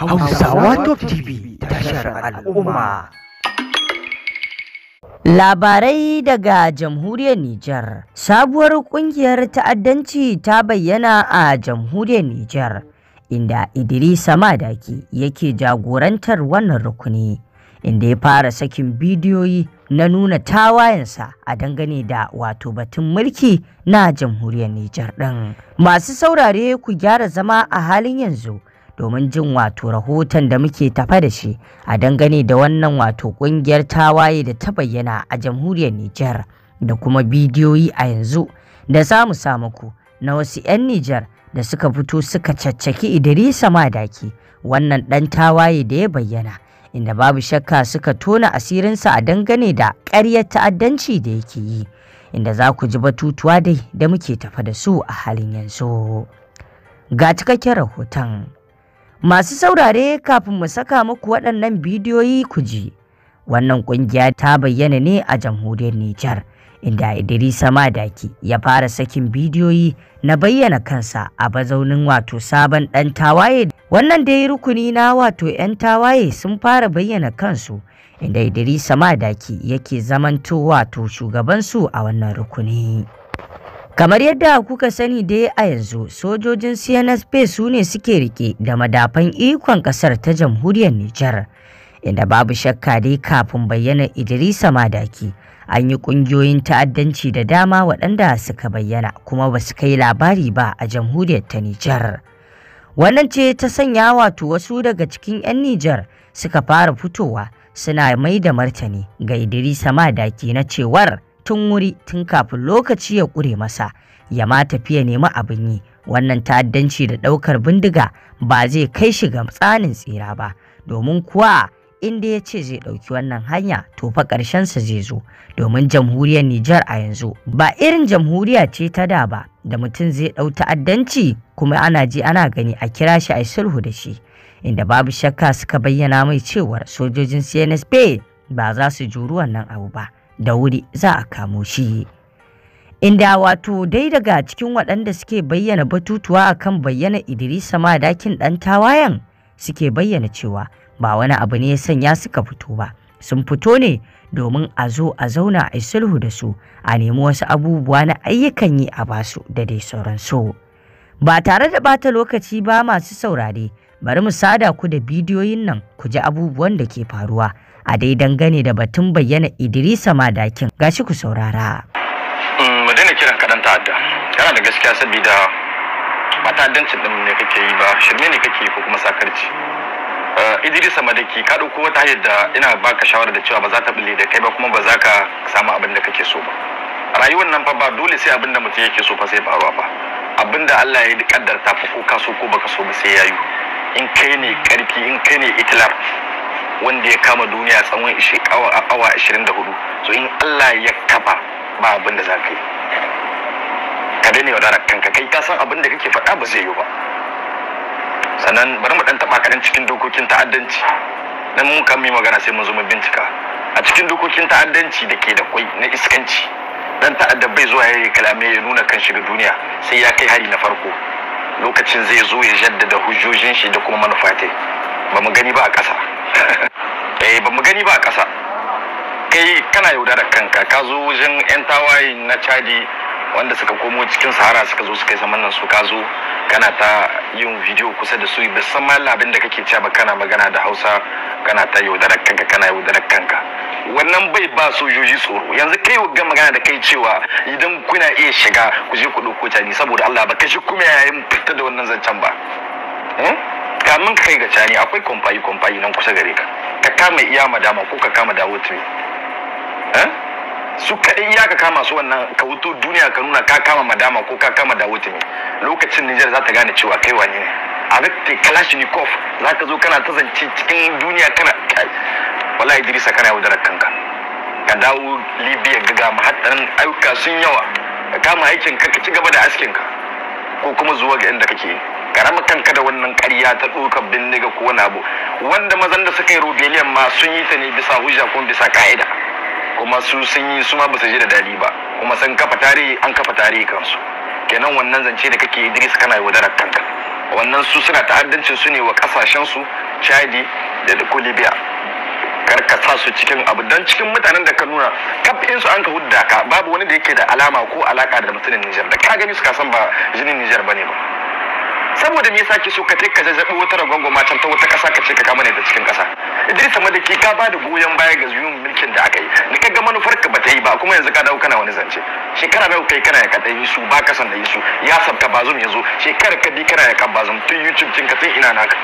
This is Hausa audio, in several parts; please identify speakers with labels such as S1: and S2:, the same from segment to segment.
S1: Hausawa Top TV tashar al'umma. Labarai daga jamhuriyar Nijar. Sabuwar kungiyar ta'addanci ta bayyana a jamhuriyar Nijar, inda Idrisa Madaki yake jagorantar wannan rukuni, inda ya fara sakin bidiyoyi na nuna tawayensa a dangane da wato batun mulki na jamhuriyar Nijar ɗin. Masu saurare ku gyara zama a halin yanzu. domin jin wato rahoton da muke tafa da shi a dangane da wannan wato kungiyar tawaye da ta bayyana a jamhuriyar Nijar da kuma bidiyoyi a yanzu da za mu samu ku na wasu 'yan Nijar da suka fito suka caccaki Idrisa Madaki wannan ɗan tawaye da ya bayyana inda babu shakka suka tona asirinsa a dangane da ƙaryar ta'addanci da yake yi inda za ku ji batutuwa dai da muke tafa da su a halin yanzu. Ga cikakken rahoton. Masu saurare kafin mu saka muku waɗannan bidiyoyi ku ji. Wannan ƙungiya ta bayyana ne a jamhuriyar Nijar, inda Idrisa Madaki ya fara sakin bidiyoyi na bayyana kansa a bazaunin wato sabon ɗan tawaye. Wannan dai rukuni na wato 'yan tawaye sun fara bayyana kansu. inda Idrisa Madaki yake zamanto wato shugabansu a wannan rukuni. Kamar yadda kuka sani dai a yanzu sojojin CNSP su ne suke rike da madafan ikon kasar ta jamhuriyar Nijar inda babu shakka dai kafin bayyana Idrisa Madaki an yi ƙungiyoyin ta'addanci da dama waɗanda suka bayyana kuma ba su kai labari ba a jamhuriyar ta Nijar. Wannan ce ta sanya wato wasu daga cikin 'yan Nijar suka fara fitowa suna mai da martani ga Idrisa Madaki na cewar tun wuri tun kafin lokaci ya ƙure masa ya ma tafiya nemi abin yi wannan ta'addanci da ɗaukar bindiga ba zai kai shi ga tsanin tsira ba domin kuwa inda ya ce zai ɗauki wannan hanya to fa ƙarshensa zai zo domin jamhuriyar Nijar a yanzu ba irin jamhuriya ce ta da ba da mutum zai ɗau ta'addanci kuma ana ji ana gani a kira shi a sulhu da shi inda babu shakka suka bayyana mai cewar sojojin CNSP ba za su juri wannan abu ba da wuri za a kamo shi. Inda wato dai daga cikin waɗanda suke bayyana batutuwa akan bayyana Idrisa dakin ɗan tawayen suke bayyana cewa ba wani abu ne ya sanya suka fito ba. Sun fito ne domin a zo a zauna a sulhu da su a nemi wasu abubuwa na ayyukan yi a basu da dai sauransu. Ba tare da bata lokaci ba masu saurare bari mu sada ku da bidiyoyin nan ku ji abubuwan da ke faruwa. a dai dangane da batun bayyana Idrisa Madakin gashi ku saurara. Mm, mu daina
S2: kiran kaɗan ta'adda, yana da gaskiya saboda ba ta'addancin ɗin ne kake yi ba, shirme ne kake yi ko kuma sakarci. Eh, Idrisa Madaki ka ɗauko wata yadda da ina baka shawara da cewa ba za ta bulle da kai ba kuma ba za ka samu abin da kake so ba. Rayuwar nan fa ba dole sai abin da mutum yake so fa sai faruwa ba. Abin da Allah ya kaddarta fa ko ka so ko baka so ba sai yayu. In kai ne karfi in kai ne itilaf wanda ya kama duniya tsawon awa 24 so in Allah ya kafa ba abin da za ka yi ka daina yaudara kanka kai ka san abin da kake faɗa ba zai yi ba sannan bari mu ɗan taɓa kaɗan cikin dokokin ta'addanci nan mun kan yi magana sai mun zo bincika a cikin dokokin ta'addanci da ke da kwai na iskanci dan ta'adda bai zuwa ya yi kalame ya nuna kan shi da duniya sai ya kai hari na farko lokacin zai zo ya jaddada hujjojin shi da kuma manufatai ba mu gani ba a ƙasa eh ba mu gani ba a ƙasa kai kana yaudarar kanka ka zo wajen 'yan tawaye na chadi wanda suka komo cikin sahara suka zo suka yi zaman nan su ka zo kana ta yin bidiyo kusa da su ba san mal abin da kake cewa ba kana magana da hausa kana ta yaudarar kanka kana yaudarar kanka wannan bai ba sojoji tsoro yanzu kai ga magana da kai cewa idan kuna iya shiga ku je ku ɗauko cani saboda Allah ba kashi kuma yayin fita da wannan zancen ba hmm? kamin ka kai ga cani akwai kwamfayi kwamfayi nan kusa gare ka ka kama iya madama ko ka kama dawo tuni eh? su kaɗai iya ka kama su wannan ka wuto duniya ka nuna ka kama madama ko ka kama dawo tuni lokacin nijar za ta gane cewa kai wani ne a rikta kalashnikov za ka zo kana ta zance cikin duniya kana kai wala idrisa kana yaudarar kanka ka dawo libya ga mahaddarin ayyuka sun yawa ka kama aikin ka ka ci gaba da askin ka ko kuma zuwa ga inda kake yi karam kanka da wannan karya ta ɗaukar bindiga ko wani abu wanda mazan da suka yi rubeliyan ma sun yi ta ne bisa hujja ko bisa ka'ida kuma su sun yi su ma ba su ji da dadi ba kuma sun kafa tarihi an kafa tarihi kansu kenan wannan zance da kake Idris kana yi wadarar kanka wannan su suna ta'addancin su ne wa kasashen su Chadi da da Libya kar ka sa su cikin abu don cikin mutanen da ka nuna kafin su an ka hudda ka babu wani da yake da alama ko alaka da mutumin Nijar da ka gani suka san ba jinin Nijar bane ba saboda me yasa ke so ka take ka zazzabi wata ragwangon matan ta wata ƙasa ka ce ka kama ne da cikin ƙasa Idris ke ka ba da goyon baya ga zuyun mulkin da aka yi ni ka ga manufar ka bata yi ba kuma yanzu ka dawo kana wani zance shekara bai kai kana ya kada yi su ba ka san da su ya sabta bazum yanzu shekara ka bi kana ya kan bazum tun YouTube ka tun ina naka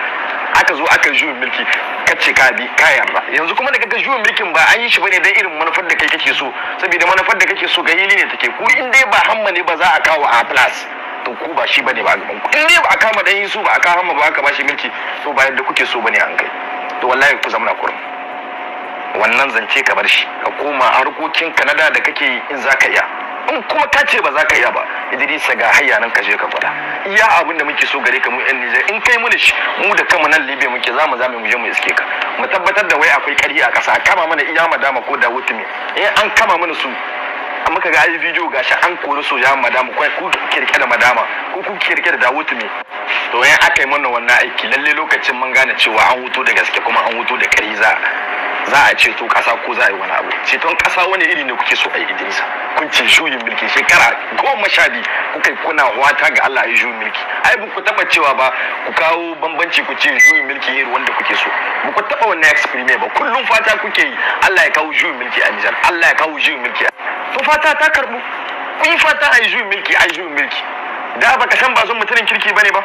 S2: aka zo aka juyin mulki ka ce ka bi ka ba yanzu kuma da kaga juyin mulkin ba an yi shi bane dan irin manufar da kai kake so saboda manufar da kake so ga hili ne take ko in dai ba hamma ne ba za a kawo a plus to ku ba shi bane ba gaban in ne ba a kama dan Yusuf ba a kama ba aka bashi milki to ba yadda kuke so bane an kai to wallahi ku zamana kurum wannan zance ka bar shi ka koma harkokin kanada da kake yi in zaka iya in kuma ka ce ba za ka iya ba Idrisa ga hayya nan ka je ka kwada. iya abin da muke so gare ka mu yan Nijar in kai mu da shi mu da kanmu nan Libya muke za mu za mu je mu iske ka mu tabbatar da wai akwai ƙarya a ƙasa kama mana iya madama ko da wutumi in eh, an kama mana su muka ga ai video gashi an kori soja madama kai ku kirke da madama ku ku kirke da me to yan aka yi mana wannan aiki lalle lokacin mun gane cewa an huto da gaske kuma an huto da kariza za a ceto ƙasa ko za a yi wani abu ceton ƙasa wani iri ne kuke so a yi idinsa kun ce juyin mulki shekara goma sha biyu kuka kuna wata ga Allah ya yi juyin mulki ai ba ku taɓa cewa ba ku kawo bambanci ku ce juyin mulki iri wanda kuke so ba ku taba wannan experiment ba kullum fata kuke yi Allah ya kawo juyin mulki a Nijar Allah ya kawo juyin mulki to fata ta karbu kun yi fata a yi juyin mulki a yi juyin mulki da baka san ba zan mutumin kirki bane ba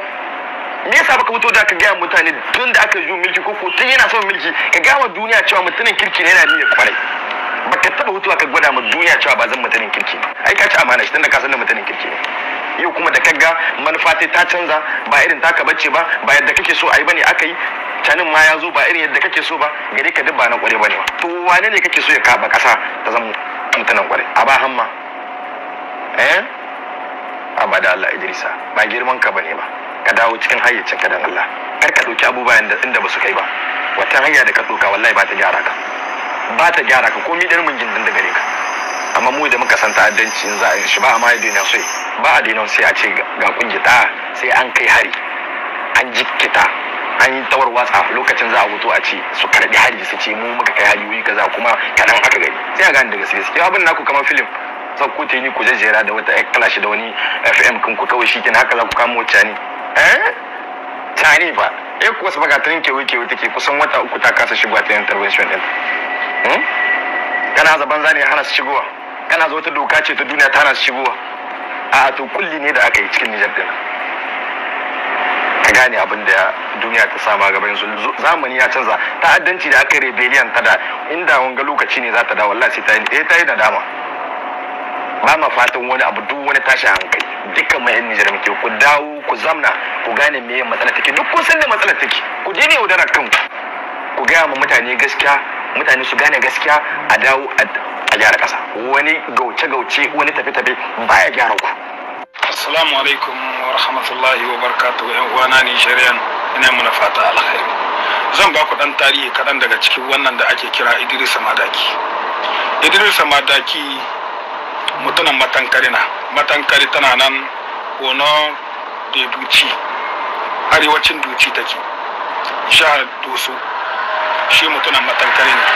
S2: me yasa baka fito da ka gaya mutane tun da aka yi milki ko tun yana son milki ka gaya duniya cewa mutumin kirki ne yana niyyar kwarai baka taba mutuwa ka gwada ma duniya cewa ba zan mutumin kirki ne ai ka ci amana shi tunda ka san da mutumin kirki ne yau kuma da ka ga manufa ta canza ba irin taka bace ba ba yadda kake so ai bane aka yi canin ma ya zo ba irin yadda kake so ba gare ka duk ba na kware bane ba to wane ne kake so ya kaba kasa ta zama mutumin kware a ba hamma eh abada Allah Idrisa ba girman ka bane ba ka dawo cikin hayyacin ka dan Allah kar ka ɗauki abubuwan da inda ba su kai ba wata hanya da ka ɗauka wallahi ba ta gyara ka ba ta gyara ka komai da mun jindin da gare ka amma mu da muka san ta'addanci in za a yi shi ba a ma daina sai ba a daina sai a ce ga kungita sai an kai hari an jikkita an yi tawar watsa lokacin za a wuto a ce su karbi hari su ce mu muka kai hari wuyi kaza kuma kaɗan aka gani sai a gane daga gaske sai abin naku kamar film sau ku ni ku jejjera da wata ya kalashi da wani fm kun ku kawai shi haka za ku kamo wacce ne eh tare ba eh kuwa sama gatarin kewa kewa take kusan wata uku ta kasa shigowa ta intervention din kana hmm? zaban zane hana su shigowa kana zo ta doka ce ta duniya ta hana su shigowa a to kulli ne da aka yi cikin Nijar din ka gane abin da duniya ta sama gaba yanzu zamani ya canza ta'addanci da aka yi rebellion ta da inda wanga lokaci ne za ta da wallahi sai ta yi eh, ta yi nadama dama ba ma fatan wani abu duk wani tashi hankali duka mai yan nijar muke ku dawo ku zamna ku gane me matsala take duk kun san da matsala take ku je ne yaudarar kanku ku gaya ma mutane gaskiya mutane su gane gaskiya a dawo a gyara ƙasa wani gauce-gauce wani tafe-tafe baya gyara ku
S3: assalamu alaikum wa rahmatullahi wa barkatu yan uwana nigerian ina muna fata alkhairi zan ba ku dan tarihi kaɗan daga cikin wannan da ake kira idris madaki idris madaki mutunan matankari na matankari tana nan ono da duci arewacin duci take sha dusu shi mutunan matankari ne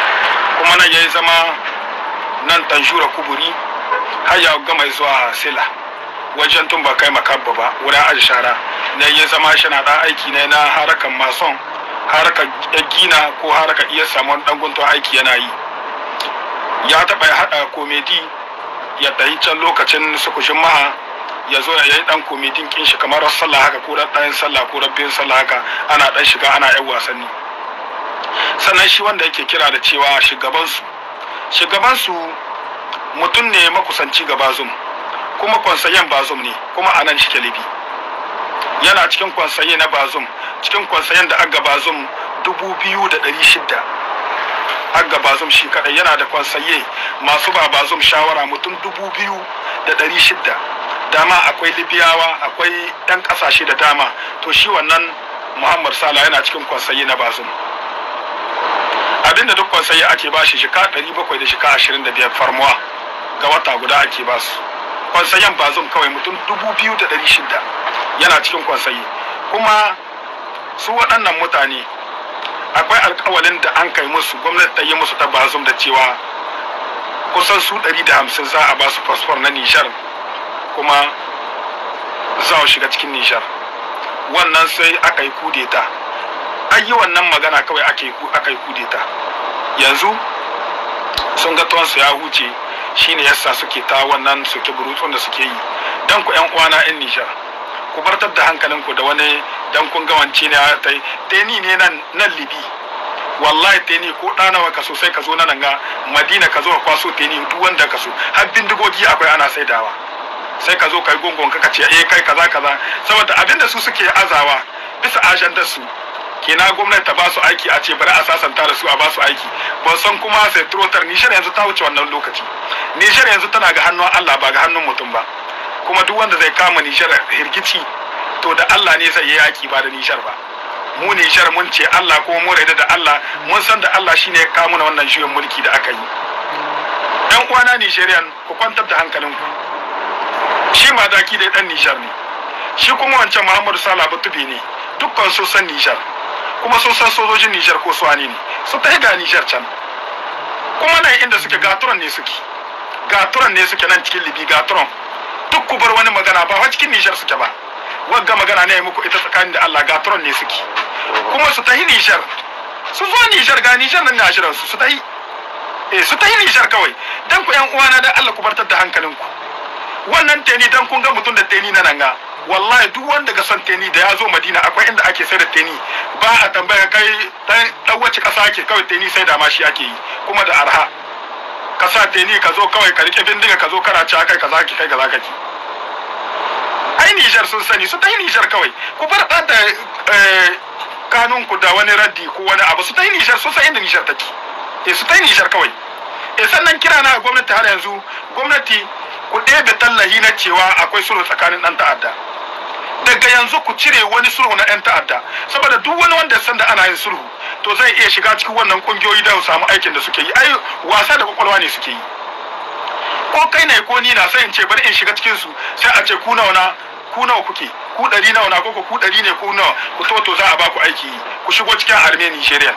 S3: kuma nan ya yi zama nan tanjura kuburi har ya gama zuwa sila wajen tun ba kai makabba ba wurin aji shara na ya zama shi na ɗan aiki ne na harakan mason haraka gina ko haraka iya samun ɗan aiki yana yi ya taɓa haɗa komedi ya tayi can lokacin sukushin maha ya zo ya yi dan komidin kin shi kamar sallah haka ko dan sallah ko rabbin sallah haka ana dan shiga ana yan wasanni sannan shi wanda yake kira da cewa shugaban su mutum ne makusanci ga bazum kuma kwansayen bazum ne kuma anan nan shi libi yana cikin kwansaye na bazum cikin kwansayen da aga bazum dubu biyu da ɗari shida agga bazum shi kadai yana da kwansaye masu ba bazum shawara mutum dubu biyu da ɗari shidda dama akwai libiyawa akwai ɗan ƙasashe da dama to shi wannan muhammad sala yana cikin kwansaye na bazum abinda duk kwansaye ake ba shi shika ɗari bakwai da shika ashirin da biyar farmuwa ga wata guda ake ba su kwansayen bazum kawai mutum dubu biyu da ɗari shidda yana cikin kwansaye kuma su waɗannan mutane akwai alkawalin da an kai musu gwamnati ta yi musu ta bazum da cewa kusan su 150 za a ba su fasfor na nishar kuma za su shiga cikin nishar wannan sai aka yi kudeta an wannan magana kawai aka yi kudeta yanzu sun ga tuwansu ya huce shine yasa suke ta wannan suke burutsun da suke yi don ku 'yan uwana 'yan nishar ku bartar da ku da wani dan kun gawanci ne ta tai teni ne nan nan libi wallahi teni ko ɗanawa ka sosai ka zo nan ga madina ka zo ka kwaso teni duk wanda ka so har bindigogi akwai ana saidawa sai ka zo kai gungun ka ce eh kai kaza kaza saboda abinda su suke azawa bisa ajandar su Kina gwamnati ta ba su aiki a ce bari a sasanta da su a ba su aiki ban san kuma sai turotar nishar yanzu ta wuce wannan lokaci nishar yanzu tana ga hannun Allah ba ga hannun mutum ba kuma duk wanda zai kama nishar hirgici to da Allah ne zai yi yaki ba da nishar ba mu nishar mun ce Allah kuma mu raida da Allah mun san da Allah shine ya kama wannan shiyon mulki da aka yi ɗan uwana nishariyan ku kwantar da hankalinku shi ki dai dan nishar ne shi kuma wancan muhammadu Sala batube ne dukkan su san nishar kuma sun san sojojin nishar ko suwani ne su ta ga nishar can kuma nan inda suke gaturan ne suke gaturan ne suke nan cikin libi gaturan ku bar wani magana ba wa cikin nishar suke ba wagga magana ne muku ita tsakanin da Allah ga tron ne suke kuma su tahi nishar su zo nishar ga nishar nan da shirin su su tahi eh su tahi nishar kawai dan ku ƴan uwana dan Allah ku bartar da hankalinku wannan teni dan kun ga mutum da teni na nan ga wallahi duk wanda ga son teni da ya zo Madina akwai inda ake sai da teni ba a tambaya kai dan wace kasa ake kawai teni sai da ma shi ake yi kuma da arha ka teni ka zo kawai ka rike bindiga ka zo kana ci kai ka zaki kai ga ka ki ai Nijar sun sani su ta Nijar kawai ku bar da eh, kanun ku da wani raddi ko wani abu su ta yi Nijar sun san inda Nijar take eh su ta yi Nijar kawai eh sannan kira na gwamnati har yanzu gwamnati ku ɗebe tallahi na cewa akwai sulhu tsakanin ɗan ta'adda daga yanzu ku cire wani sulhu na ɗan ta'adda saboda duk wani wanda san da ana yin sulhu to zai iya shiga cikin wannan kungiyoyi don samu aikin da suke yi ai wasa da kwakwalwa ne suke yi ko kai ne ko ni na sai in ce bari in shiga cikin su sai a ce ku wana. ku nawa kuke ku ɗari nawa na koko ku ɗari ne ku nawa ku to to za a ba ku aiki ku shigo cikin arme nigeria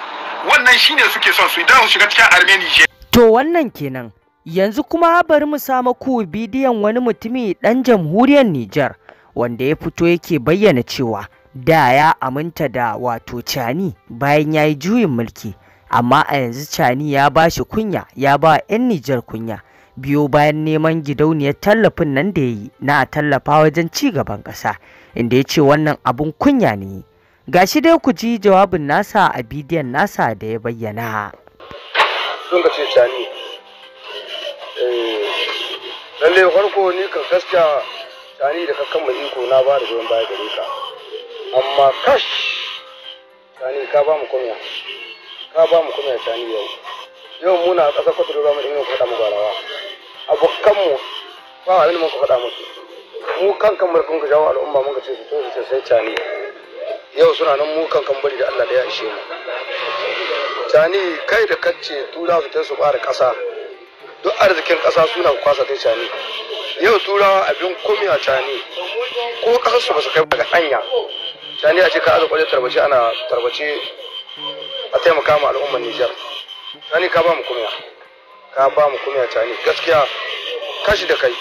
S3: wannan shine suke son su idan su shiga cikin arme nigeria
S1: to wannan kenan yanzu kuma bari mu samu ku bidiyon wani mutumi dan jamhuriyar Nijar wanda ya fito yake bayyana cewa da ya aminta da wato cani bayan ya yi juyin mulki amma a yanzu cani ya ba shi kunya ya ba 'yan Nijar kunya biyo bayan neman gidauniyar tallafin nan da ya yi na a tallafa wajen ci gaban ƙasa inda ya ce wannan abun kunya ne ga shi dai ku ji jawabin nasa a bidiyon nasa da ya bayyana
S4: sun ka ce sani eh, lalle farko ni kan gaskiya sani da kakkan mai iko na ba da goyon baya gare ka amma kash sani ka ba mu kunya ka ba mu kunya sani yau yau muna ƙasa kwatar zama da ingin faɗa mu barawa kanmu ba abin da muka faɗa musu mu kan kan barkan ka jawo al'umma muka ce su to su sai cani yau suna nan mu kan kan bari da Allah da ya ishe mu cani kai da kacce tura su ta su fara ƙasa duk arzikin ƙasa suna kwasa kai cani yau turawa abin komi a cani ko ƙasar su ba su kai daga hanya cani a ce ka azuƙwaje tarbace ana tarbace a taimaka ma al'umman Nijar cani ka ba mu kumiya ka ba mu kumiya cani gaskiya tashi da kai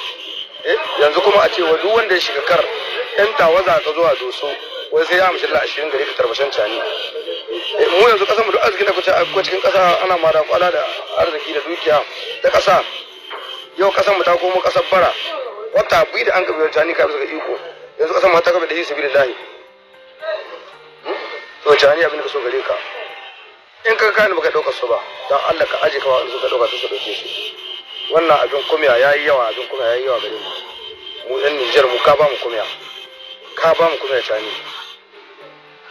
S4: eh, yanzu kuma a ce wa duk wanda ya shiga kar yan tawaza ka zuwa doso wai sai ya amshi la ashirin gari ka tarbashin cani eh, mu yanzu kasa mu duk arzikin da kuce a cikin kasa ana mara kwala da arziki da dukiya ta kasa yau kasan mu ta komo kasar bara wata bi da an ka biyar cani ka bisa ga iko yanzu kasan mu ta kafa da yi sabi da lahi hmm? to cani abin da ka so gare ka in ka kani baka ɗaukar su ba don Allah ka aje ka wa in ka ɗauka su ka ɗauke su wannan abin kumiya ya yi yawa abin kumiya ya yi yawa gare mu mu yan nijar mu ka ba mu kumiya ka ba mu kumiya cani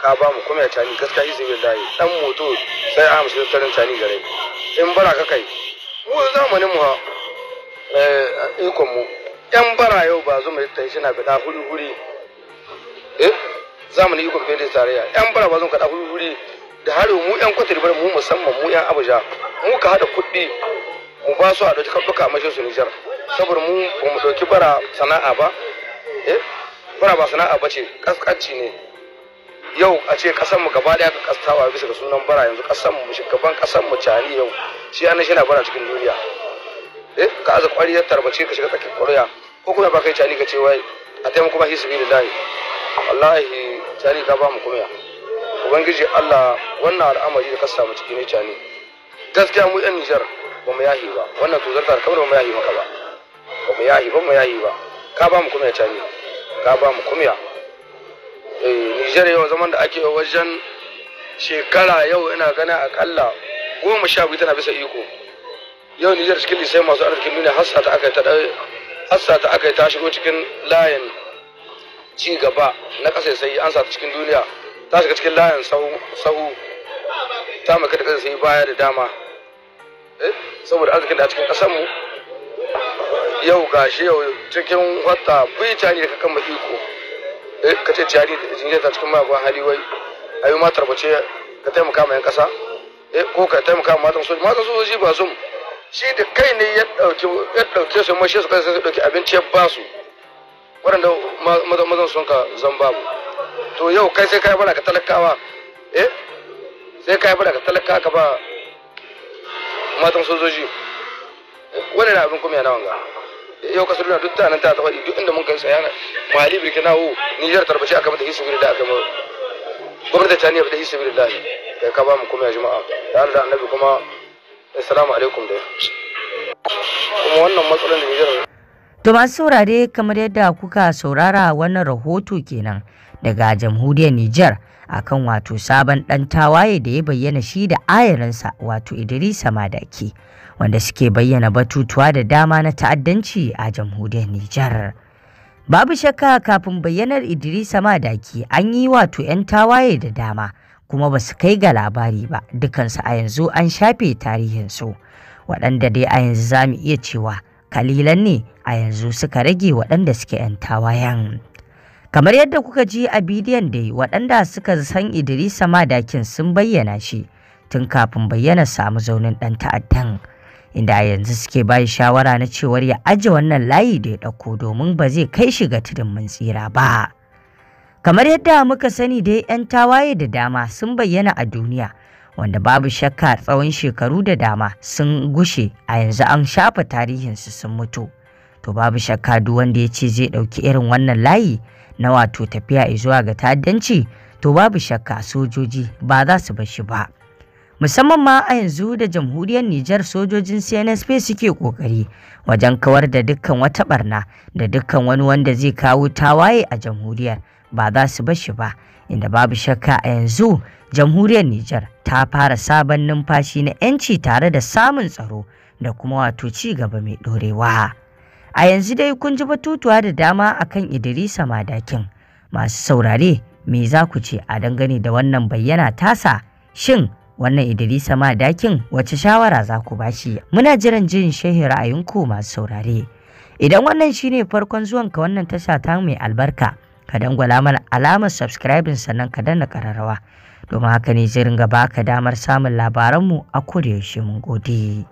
S4: ka ba mu kumiya cani gaskiya izi bai dayi dan moto sai a musu tarin cani gare in bara ka kai mu zamanin mu ha eh ikon mu yan bara yau ba zuma ta shi na bada huri huri eh zamanin ikon bai da tarayya yan bara ba zuma ka da huri huri da har mu yan kwatar mu musamman mu yan abuja mu ka hada kuɗi mu ba su a ɗauki kaɗuka a mashin su Nijar saboda mu ba mu ɗauki bara sana'a ba eh bara ba sana'a ba ce kaskanci ne yau a ce ƙasar mu gaba ɗaya ka kastawa bisa ga sunan bara yanzu ƙasar mu shugaban ƙasar mu cani yau shi an shi na bara cikin duniya eh ka aza ƙwariyar tarbace ka shiga tsakin ƙwariya ko kuma ba kai cani ka ce wai a taimako ba biyu da lahi wallahi cani ka ba mu kuma ubangiji Allah wannan al'amari da ka samu ciki ne cani gaskiya mu yan Nijar ba mu yahi ba wannan tuzar ta alkawari ba mu yahi maka ba ba mu yahi ba mu yahi ba ka ba mu kumya cani ka ba mu kumya eh, Nijar yau zaman da ake wajen shekara yau ina gana akalla goma sha biyu tana bisa iko yau Nijar cikin lisai masu arzikin duniya hassa ta aka ta hassa ta aka ta shigo cikin layin ci gaba na kasa sai an sa ta cikin duniya ta shiga cikin layin sahu ta maka da kasa sai baya da dama Eh, saboda arzikin da a cikin ƙasar mu yau shi yau cikin wata bai jari da kakan iko eh, ka ce jari da jinjin ta cikin mayagun hali wai a yi matar bace ka taimaka ma 'yan ƙasa eh, ko ka taimaka ma matan soji matan soji ba su shi da kai ne ya ɗauke su mashi su kai sai su ɗauki abinci ya ba su waɗanda mazan sun ka zan babu to yau kai sai ka yi bada ka talakawa eh sai ka yi bada ka talakawa ka ba matan sojoji wani na abin kuma yana wanga yau kasar duniya duk tanan ta tafaɗi duk inda mun kai tsaya mali birki birkinawo nijar tarbace aka mata isu da aka mata gwamnati ta niyar da isu da kai ka ba mu kuma ya juma'a tare da annabi kuma assalamu alaikum da kuma wannan matsalar da nijar
S1: To masu saurare kamar yadda kuka saurara wannan rahoto kenan daga jamhuriyar Nijar akan wato sabon ɗan tawaye da ya bayyana shi da ayaransa wato Idrisa Madaki wanda suke bayyana batutuwa da dama na ta'addanci a jamhuriyar Nijar. Babu shakka kafin bayyanar Idrisa Madaki an yi wato 'yan tawaye da dama kuma ba su kai ga labari ba dukansu a yanzu an shafe tarihinsu waɗanda dai a yanzu za mu iya cewa kalilan ne a yanzu suka rage waɗanda suke 'yan tawayen. Kamar yadda kuka ji a bidiyon dai waɗanda suka san Idrisa Madakin sun bayyana shi tun kafin bayyana samu zaunin ɗan ta'addan. Inda a yanzu suke bayi shawara na cewar ya aje wannan layi da ya ɗauko domin ba zai kai shi ga tudun mun tsira ba. Kamar yadda muka sani dai 'yan tawaye da dama sun bayyana a duniya wanda babu shakka tsawon shekaru da dama sun gushe a yanzu an shafa tarihinsu sun mutu. To babu shakka duk wanda ya ce zai ɗauki irin wannan layi na wato tafiya zuwa ga ta'addanci to babu shakka sojoji ba za su bar ba musamman ma a yanzu da jamhuriyar Nijar sojojin CNSP suke kokari wajen kawar da dukkan wata barna da dukkan wani wanda zai kawo tawaye a jamhuriyar ba za su bashi ba inda babu shakka a yanzu jamhuriyar Nijar ta fara sabon numfashi na 'yanci tare da samun tsaro da kuma wato ci gaba mai ɗorewa. A yanzu dai kun ji batutuwa da dama akan Idrisa Madakin. Masu saurare, me za ku ce a dangane da wannan bayyana tasa? Shin wannan Idrisa Madakin wace shawara za ku bashi? Muna jiran jin shehi ra'ayinku masu saurare. Idan wannan shine farkon zuwan ka wannan tasha ta mai albarka, ka dangwala mana alamar subscribing sannan ka danna kararrawa. Domin haka ne zai ringa baka damar samun labaranmu a kodayaushe mun gode.